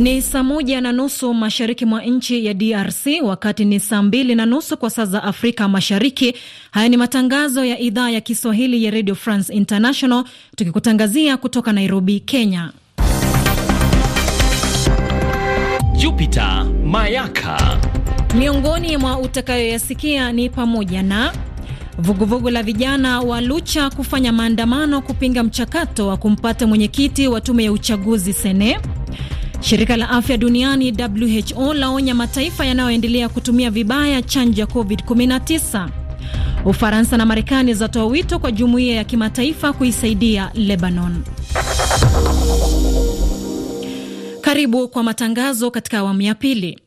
Ni saa moja na nusu mashariki mwa nchi ya DRC, wakati ni saa mbili na nusu kwa saa za Afrika Mashariki. Haya ni matangazo ya idhaa ya Kiswahili ya Radio France International, tukikutangazia kutoka Nairobi, Kenya. Jupiter Mayaka. Miongoni mwa utakayoyasikia ni pamoja na vuguvugu vugu la vijana wa Lucha kufanya maandamano kupinga mchakato wa kumpata mwenyekiti wa tume ya uchaguzi Sene Shirika la afya duniani WHO laonya mataifa yanayoendelea kutumia vibaya chanjo ya COVID-19. Ufaransa na Marekani zatoa wito kwa jumuiya ya kimataifa kuisaidia Lebanon. Karibu kwa matangazo katika awamu ya pili.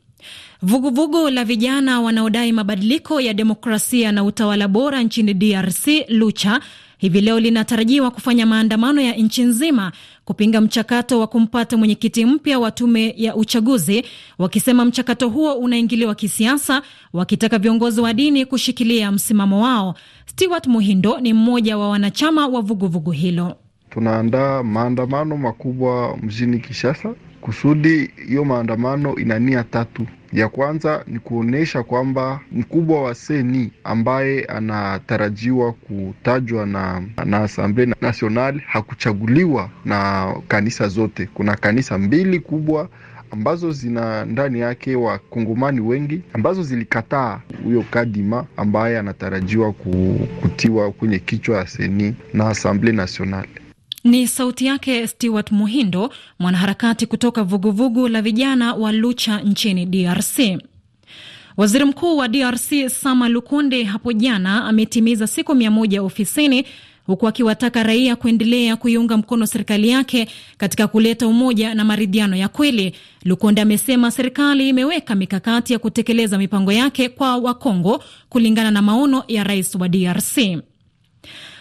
Vuguvugu la vijana wanaodai mabadiliko ya demokrasia na utawala bora nchini DRC, Lucha, hivi leo linatarajiwa kufanya maandamano ya nchi nzima kupinga mchakato wa kumpata mwenyekiti mpya wa tume ya uchaguzi, wakisema mchakato huo unaingiliwa kisiasa, wakitaka viongozi wa dini kushikilia msimamo wao. Stewart Muhindo ni mmoja wa wanachama wa vuguvugu vugu hilo. Tunaandaa maandamano makubwa mjini Kishasa Kusudi hiyo maandamano ina nia tatu. Ya kwanza ni kuonyesha kwamba mkubwa wa seni ambaye anatarajiwa kutajwa na, na Assemblée Nationale hakuchaguliwa na kanisa zote. Kuna kanisa mbili kubwa ambazo zina ndani yake wakongomani wengi ambazo zilikataa huyo kadima ambaye anatarajiwa kutiwa kwenye kichwa ya seni na Assemblée Nationale. Ni sauti yake Stewart Muhindo, mwanaharakati kutoka vuguvugu vugu la vijana wa Lucha nchini DRC. Waziri Mkuu wa DRC Sama Lukonde hapo jana ametimiza siku mia moja ofisini huku akiwataka raia kuendelea kuiunga mkono serikali yake katika kuleta umoja na maridhiano ya kweli. Lukonde amesema serikali imeweka mikakati ya kutekeleza mipango yake kwa Wakongo kulingana na maono ya rais wa DRC.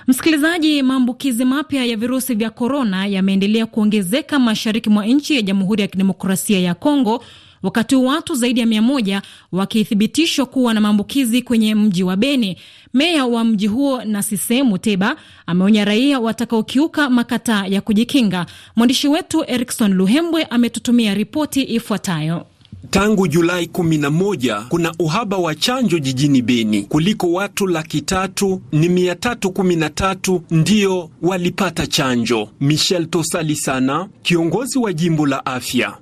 Msikilizaji, maambukizi mapya ya virusi vya korona yameendelea kuongezeka mashariki mwa nchi ya Jamhuri ya Kidemokrasia ya Kongo, wakati watu zaidi ya mia moja wakithibitishwa kuwa na maambukizi kwenye mji wa Beni. Meya wa mji huo sisehemu Teba ameonya raia watakaokiuka makataa ya kujikinga. Mwandishi wetu Erikson Luhembwe ametutumia ripoti ifuatayo. Tangu Julai 11 kuna uhaba wa chanjo jijini Beni, kuliko watu laki tatu ni mia tatu kumi na tatu ndiyo walipata chanjo. Michel Tosali sana, kiongozi wa jimbo la afya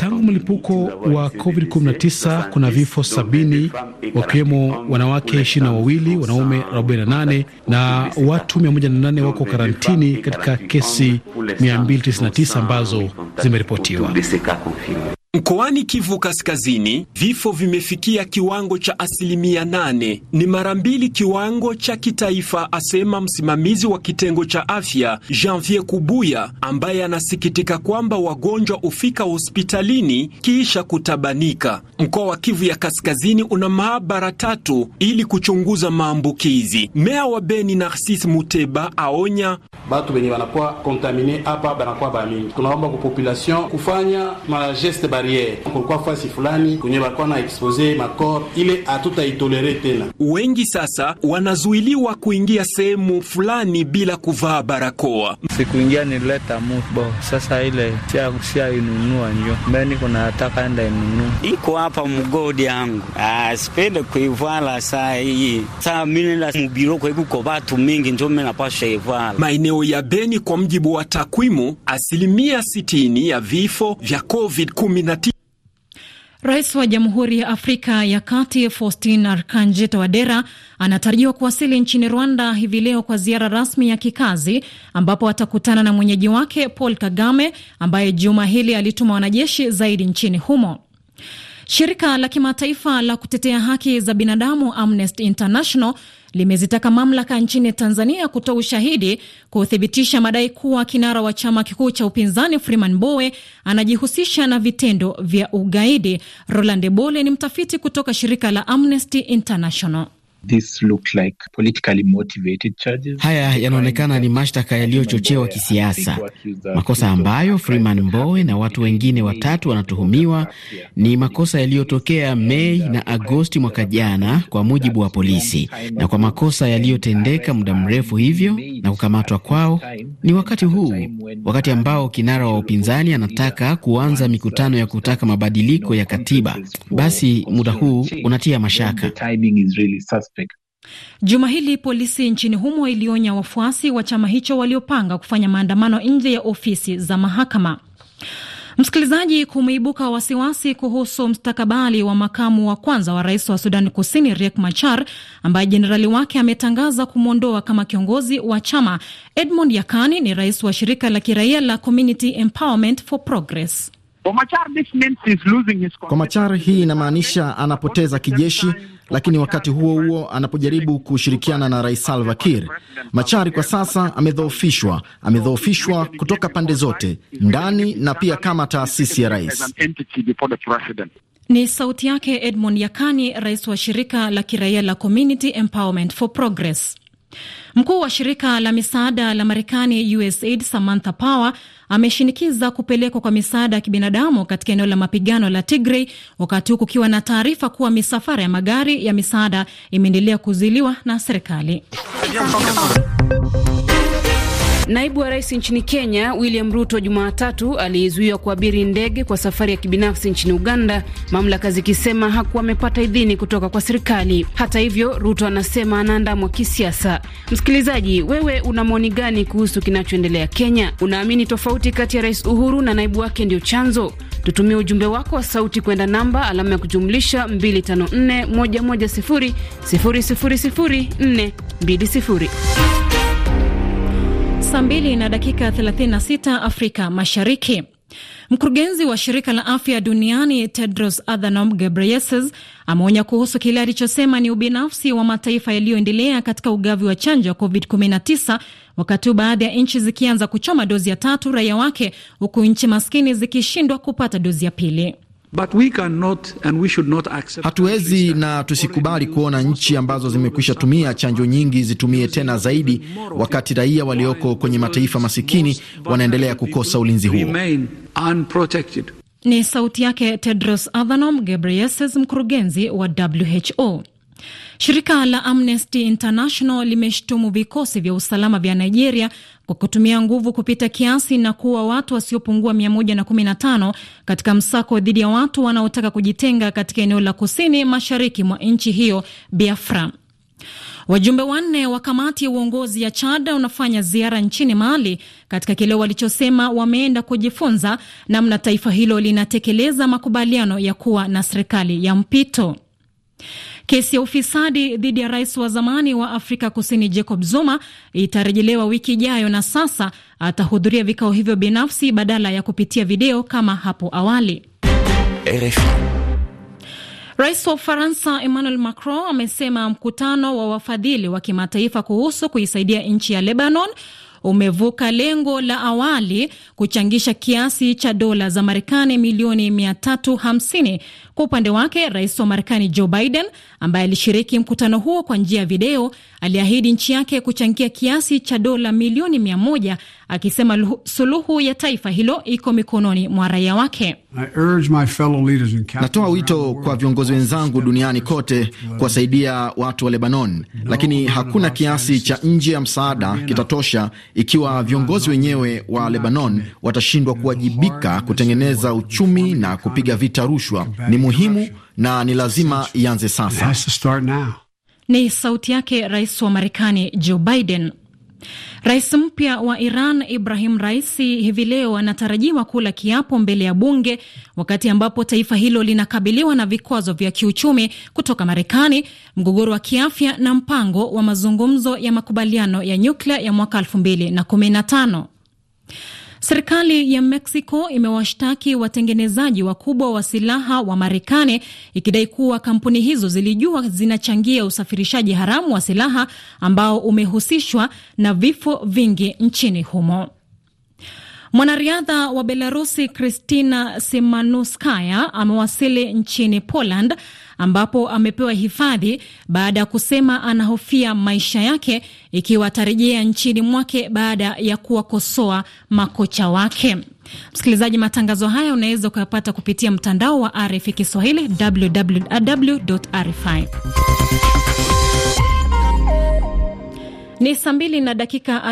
Tangu mlipuko wa COVID-19 kuna vifo sabini wakiwemo wanawake 22 wawili, wanaume 48 na watu 108 wako karantini katika kesi 299 ambazo zimeripotiwa. Mkoani Kivu Kaskazini, vifo vimefikia kiwango cha asilimia nane, ni mara mbili kiwango cha kitaifa, asema msimamizi wa kitengo cha afya Janvier Kubuya, ambaye anasikitika kwamba wagonjwa hufika hospitalini kiisha kutabanika. Mkoa wa Kivu ya Kaskazini una maabara tatu ili kuchunguza maambukizi. Meya wa Beni Narcisse Muteba aonya batu benye banakuwa kontamine hapa banakuwa bamingi, tunaomba kupopulation kufanya majeste barriere, kulikuwa fasi fulani kwenye walikuwa na expose makor ile, hatutaitorere tena. Wengi sasa wanazuiliwa kuingia sehemu fulani bila kuvaa barakoa. Sikuingia nileta mbo sasa, ile sia inunua njo mbeni kuna ataka enda inunua, iko hapa mgodi yangu ah, sipende kuivala saa hii saa minenda mubiro kwekuko vatu mingi njo minapasha ivala maeneo ya Beni. Kwa mjibu wa takwimu, asilimia sitini ya vifo vya covid-19 Rais wa Jamhuri ya Afrika ya Kati Faustin Archange Touadera anatarajiwa kuwasili nchini Rwanda hivi leo kwa ziara rasmi ya kikazi ambapo atakutana na mwenyeji wake Paul Kagame ambaye juma hili alituma wanajeshi zaidi nchini humo. Shirika la kimataifa la kutetea haki za binadamu Amnesty International limezitaka mamlaka nchini Tanzania kutoa ushahidi kuthibitisha madai kuwa kinara wa chama kikuu cha upinzani Freeman Mbowe anajihusisha na vitendo vya ugaidi. Roland Bole ni mtafiti kutoka shirika la Amnesty International. This like politically motivated charges. Haya yanaonekana ni mashtaka yaliyochochewa kisiasa. Makosa ambayo Freeman Mbowe na watu wengine watatu wanatuhumiwa ni makosa yaliyotokea uh, Mei na Agosti mwaka jana, kwa mujibu wa polisi, na kwa makosa yaliyotendeka muda mrefu hivyo na kukamatwa kwao ni wakati huu, wakati ambao kinara wa upinzani anataka kuanza mikutano ya kutaka mabadiliko ya katiba. Basi muda huu unatia mashaka. Afrika. Juma hili polisi nchini humo ilionya wafuasi wa chama hicho waliopanga kufanya maandamano nje ya ofisi za mahakama. Msikilizaji, kumeibuka wasiwasi kuhusu mstakabali wa makamu wa kwanza wa rais wa Sudani Kusini Riek Machar ambaye jenerali wake ametangaza kumwondoa kama kiongozi wa chama. Edmund Yakani ni rais wa shirika la kiraia la Community Empowerment for Progress. Kwa Machar, hii inamaanisha anapoteza kijeshi, lakini wakati huo huo anapojaribu kushirikiana na Rais Salva Kiir. Machar kwa sasa amedhoofishwa, amedhoofishwa kutoka pande zote, ndani na pia kama taasisi ya rais. Ni sauti yake Edmund Yakani, rais wa shirika la kiraia la Community Empowerment for Progress. Mkuu wa shirika la misaada la Marekani USAID Samantha Power ameshinikiza kupelekwa kwa misaada ya kibinadamu katika eneo la mapigano la Tigray, wakati huu kukiwa na taarifa kuwa misafara ya magari ya misaada imeendelea kuzuiliwa na serikali. Naibu wa rais nchini Kenya William Ruto Jumatatu alizuiwa kuabiri ndege kwa safari ya kibinafsi nchini Uganda, mamlaka zikisema hakuwa amepata idhini kutoka kwa serikali. Hata hivyo, Ruto anasema anaandamwa kisiasa. Msikilizaji, wewe una maoni gani kuhusu kinachoendelea Kenya? Unaamini tofauti kati ya Rais Uhuru na naibu wake ndio chanzo? Tutumie ujumbe wako wa sauti kwenda namba alama ya kujumlisha 254 saa mbili na dakika 36 Afrika Mashariki. Mkurugenzi wa shirika la afya duniani Tedros Adhanom Ghebreyesus ameonya kuhusu kile alichosema ni ubinafsi wa mataifa yaliyoendelea katika ugavi wa chanjo ya COVID-19, wakati huu baadhi ya nchi zikianza kuchoma dozi ya tatu raia wake, huku nchi maskini zikishindwa kupata dozi ya pili. Hatuwezi na tusikubali kuona nchi ambazo zimekwisha tumia chanjo nyingi zitumie tena zaidi, wakati raia walioko kwenye mataifa masikini wanaendelea kukosa ulinzi huo. Ni sauti yake Tedros Adhanom Ghebreyesus, mkurugenzi wa WHO. Shirika la Amnesty International limeshtumu vikosi vya usalama vya Nigeria kwa kutumia nguvu kupita kiasi na kuwa watu wasiopungua 115 katika msako dhidi ya watu wanaotaka kujitenga katika eneo la kusini mashariki mwa nchi hiyo Biafra. Wajumbe wanne wa kamati ya uongozi ya Chad wanafanya ziara nchini Mali katika kile walichosema wameenda kujifunza namna taifa hilo linatekeleza makubaliano ya kuwa na serikali ya mpito. Kesi ya ufisadi dhidi ya rais wa zamani wa Afrika Kusini Jacob Zuma itarejelewa wiki ijayo, na sasa atahudhuria vikao hivyo binafsi badala ya kupitia video kama hapo awali. RFI. Rais wa Ufaransa Emmanuel Macron amesema mkutano wa wafadhili wa kimataifa kuhusu kuisaidia nchi ya Lebanon umevuka lengo la awali kuchangisha kiasi cha dola za Marekani milioni 350 kwa upande wake, rais wa Marekani Joe Biden ambaye alishiriki mkutano huo kwa njia ya video aliahidi nchi yake kuchangia kiasi cha dola milioni mia moja akisema suluhu ya taifa hilo iko mikononi mwa raia wake. Natoa wito kwa viongozi wenzangu duniani kote kuwasaidia watu wa Lebanon, lakini hakuna kiasi cha nje ya msaada kitatosha ikiwa viongozi wenyewe wa Lebanon watashindwa kuwajibika kutengeneza uchumi na kupiga vita rushwa. Ni muhimu na ni lazima ianze sasa. Ni sauti yake rais wa Marekani Joe Biden. Rais mpya wa Iran Ibrahim Raisi hivi leo anatarajiwa kula kiapo mbele ya bunge wakati ambapo taifa hilo linakabiliwa na vikwazo vya kiuchumi kutoka Marekani, mgogoro wa kiafya na mpango wa mazungumzo ya makubaliano ya nyuklia ya mwaka 2015. Serikali ya Mexico imewashtaki watengenezaji wakubwa wa silaha wa Marekani ikidai kuwa kampuni hizo zilijua zinachangia usafirishaji haramu wa silaha ambao umehusishwa na vifo vingi nchini humo. Mwanariadha wa Belarusi Kristina Simanuskaya amewasili nchini Poland ambapo amepewa hifadhi baada ya kusema anahofia maisha yake ikiwa atarejea nchini mwake baada ya kuwakosoa makocha wake. Msikilizaji, matangazo haya unaweza ukayapata kupitia mtandao wa RFI Kiswahili, www.rfi. Ni saa mbili na dakika